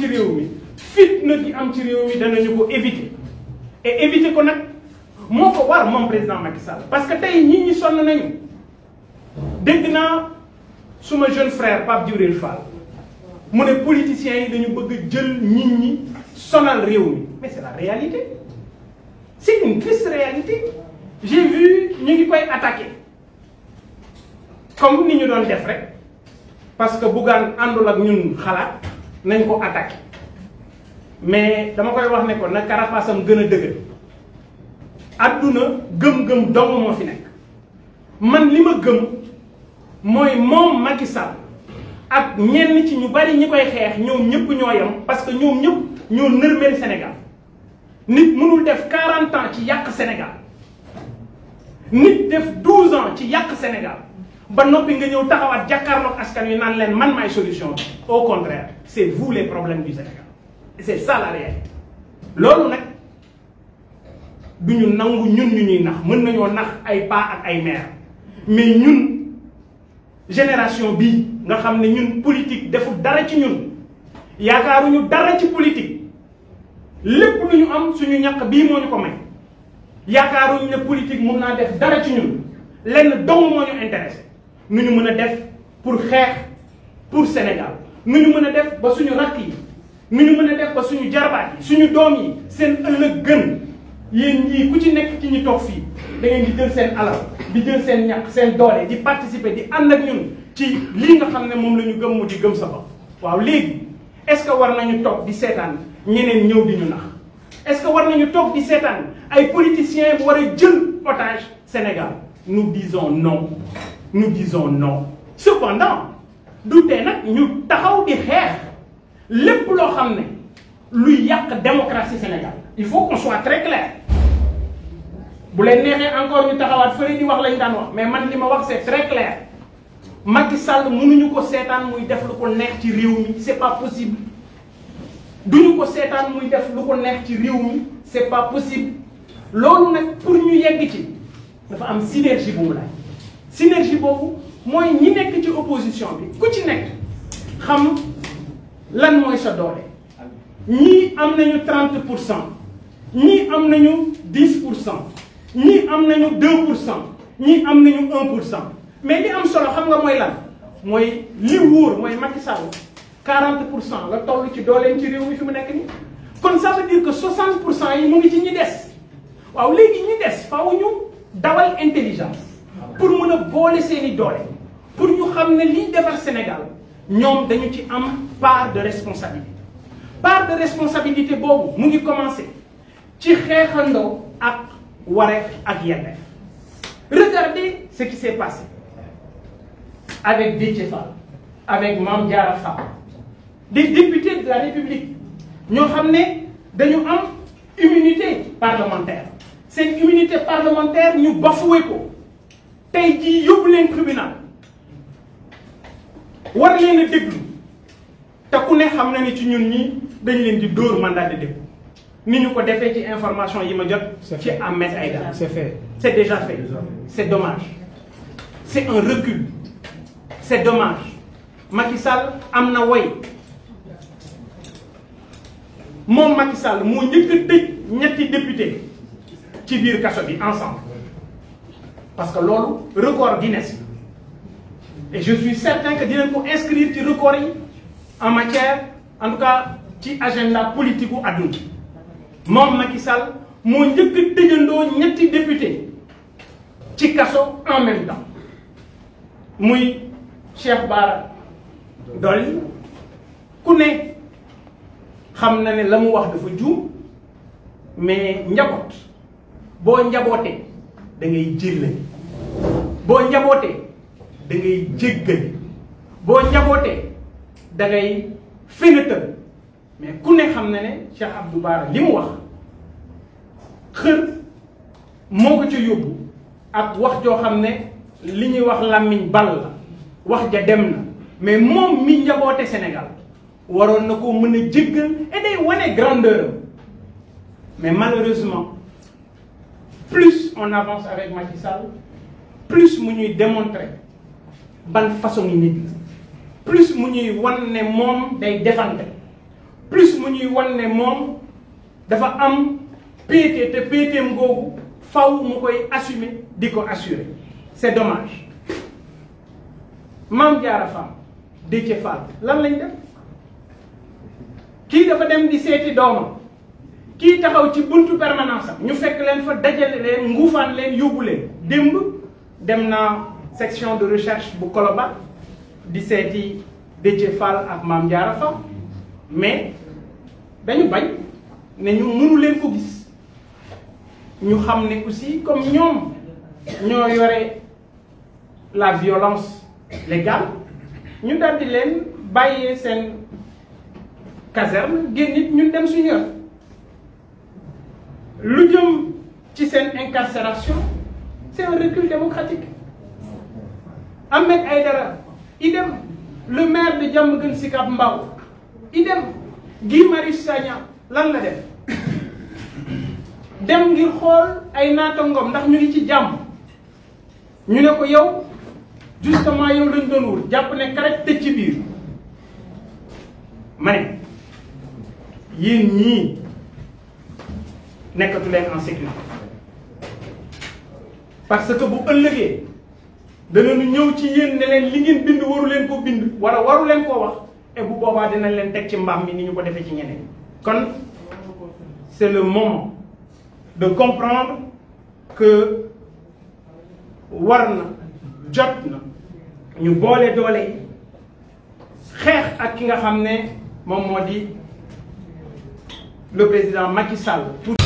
ci réew mi fitna gi am ci réew mi danañu ko éviter et éviter ko nag moo ko war moom président Macky parce que tey ñi ñi sonn nañu dégg naa suma jeune frère Pape Djibril Fall mu ne politiciens yi dañu bëgg jël nit ñi sonal réew mi mais c'est la réalité c'est une triste réalité j'ai vu ñu ngi koy attaquer comme ni ñu doon def rek parce que Bougane àndul ak ñun xalaat nañ ko attaqué mais dama koy wax ne ko na carapace gën a dëgër adduna gëm-gëm dong moo fi nekk man li ma gëm mooy moom ma Sall ak ñenn ci ñu bari ñi koy xeex ñoom ñëpp ñoo yem parce que ñoom ñëpp ñoo nërmeel Sénégal nit mënul def 40 ci yàq Sénégal nit def 12 ans ci yàq Sénégal ba noppi nga ñëw taxawaat jàkkaarloog askan wi naan leen man maay solution bi au contraire c'est vous les problèmes du Sénégal c'est ça la loolu nag du ñu nangu ñun ñu ñuy nax mën nañoo nax ay paa ak ay mère mais ñun génération bii nga xam ne ñun politique defu dara ci ñun yaakaaruñu dara ci politique lépp lu ñu am suñu ñàkk bii moo ñu ko may yaakaaruñu ne politique mun naa def dara ci ñun lenn dong moo ñu intéressé nu ñu mën a def pour xeex pour Sénégal nu ñu mën a def ba suñu rakk yi nu ñu mën a def ba suñu jarbaat yi suñu doom yi seen ëllëg gën yéen ñii ku ci nekk ci ñu toog fii da ngeen di jël seen alal di jël seen ñàkk seen doole di participer di ànd nag ñun ci lii nga xam ne moom la ñu gëm mu di gëm sa waaw léegi est-ce que war nañu toog di seetaan ñeneen ñëw di ñu nax est-ce que war nañu toog di seetaan ay politiciens war a jël otage Sénégal nous disons non nous disons non cependant du tee nag ñu taxaw di xeex lépp loo xam ne luy yàq démocratie Sénégal il faut qu'on soit très clair bu leen neexee encore ñu taxawaat fële di wax lañ daan wax mais man li ma wax c'est très clair Macky Sall mënuñu ko seetaan muy def lu ko neex ci réew mi c'est pas possible duñu ko seetaan muy def lu ko neex ci réew mi c'est pas possible loolu nag pour ñu yegg ci dafa am synergie bu mu laaj synergie boobu mooy ñi nekk ci opposition bi ku ci nekk xam lan mooy sa doole ñii am nañu trente pour cent ñii am nañu dix pour cent ñii am nañu deux pour cent ñii am nañu un pour cent mais li am solo xam nga mooy lan mooy li wóor mooy Macky Sall quarante pour cent la toll ci dooleem ci réew mi fi mu nekk nii. kon ça veut dire que soixante pour cent yi mu ngi ci ñi des waaw léegi ñi des faaw ñu dawal intelligence. pour mun a boole seeni doole pour ñu xam ne liy defar Sénégal ñoom dañu ci am part de responsabilité part de responsabilité boobu mu ngi commencé ci xeexandoo ak wareef ak yelleef regardez ce qui s'est passé avec Déthié Fall avec Mame Diarra Fam des de la République ñoo xam ne dañoo am immunité parlementaire seen immunité parlementaire ñu bafoué ko tey jii yóbbu leen tribunal war leen a déglu te ku ne xam na ni ci ñun ñi dañu leen di dóor mandat de dépôt ni ñu ko defee ci information yi ma jot ci Ahmed Aïdara c'est fait c'est déjà fait c'est dommage c'est un recul c'est dommage Macky am na way moom Macky Sall moo njëkk a ñetti député ci biir kaso bi ensemble parce que loolu record Guinness la et je suis certain que dinañ ko inscrire ci record yi en matière en tout cas ci agenda politique u àdduna moom Macky moo njëkk a ñetti député ci kaso en même temps muy Cheikh Bara Dolly ku ne xam na ne la mu wax dafa juum mais njaboot boo njabootee da ngay jéggale boo njabootee dangay ngay jéggale boo njabootee da fénatal mais ku ne xam na ne Cheikh Abdou Bara li mu wax xër moo ko ci yóbbu ak wax joo xam ne li ñuy wax làmmiñ bal la wax ja dem na mais moom mi njaboote Sénégal waroon na koo mën a jéggal et day wane grandeur am mais malheureusement plus on avance avec Macky Sall plus mu ñuy démontrer ban façon yi nit la plus mu ñuy wan ne moom day defante plus mu ñuy wan ne moom dafa am péete te péeteem googu faw mu koy assumer di ko assurer c'est dommage Mame Diarra Fam Déthié Fall lan lañ def kii dafa dem di seeti doomam kii taxaw ci buntu permanence am ñu fekk leen fa dajale leen nguufaan leen yóbbu leen démb dem naa section de recherche bu koloma di seeti Déthié Fall ak Mame Diarra Fam mais dañu bañ ne ñu mënu leen ko gis ñu xam ne aussi comme ñoom ñoo yore la violence légale ñu daldi leen bàyyee seen caserne génn it ñun dem suñu yoon lu jëm ci seen incarcération c'est un recul démocratique Ahmed Aïdara idem le maire de Diamaguène Sicap Mbao idem Guy Sagna lan la def dem ngir xool ay naataangoom ndax ñu ngi ci jàmm ñu ne ko yow justement yow lañ doon wut jàpp ne karaj tëj ci biir ma ne ñii nekkatu leen en sécurité parce que bu ëllëgee danañu ñëw ci yéen ne leen li ngeen bind waru leen ko bind wala waru leen koo wax et bu boobaa dinañ leen teg ci mbaam mi ni ñu ko defee ci ñeneen kon c'est le moment de comprendre que war na jot na ñu boole doole yi xeex ak ki nga xam ne moom moo di le président Macky